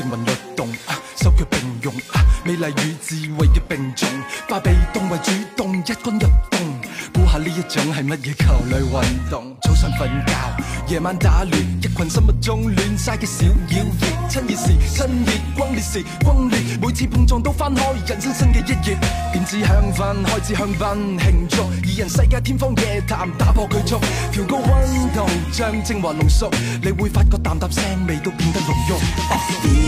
靈魂律動，手腳並用，美麗與智慧嘅並重，化被動為主動，一軍入洞，估下呢一種係乜嘢球類運動？早上瞓覺，夜晚打亂，一羣心目中亂晒嘅小妖兒。親熱時，親熱轟烈時，轟烈，每次碰撞都翻開人生新嘅一頁。點知香氛，開始香氛慶祝二人世界天方夜譚，打破拘束，調高溫度，將精華濃縮，你會發覺淡淡腥味都變得濃郁。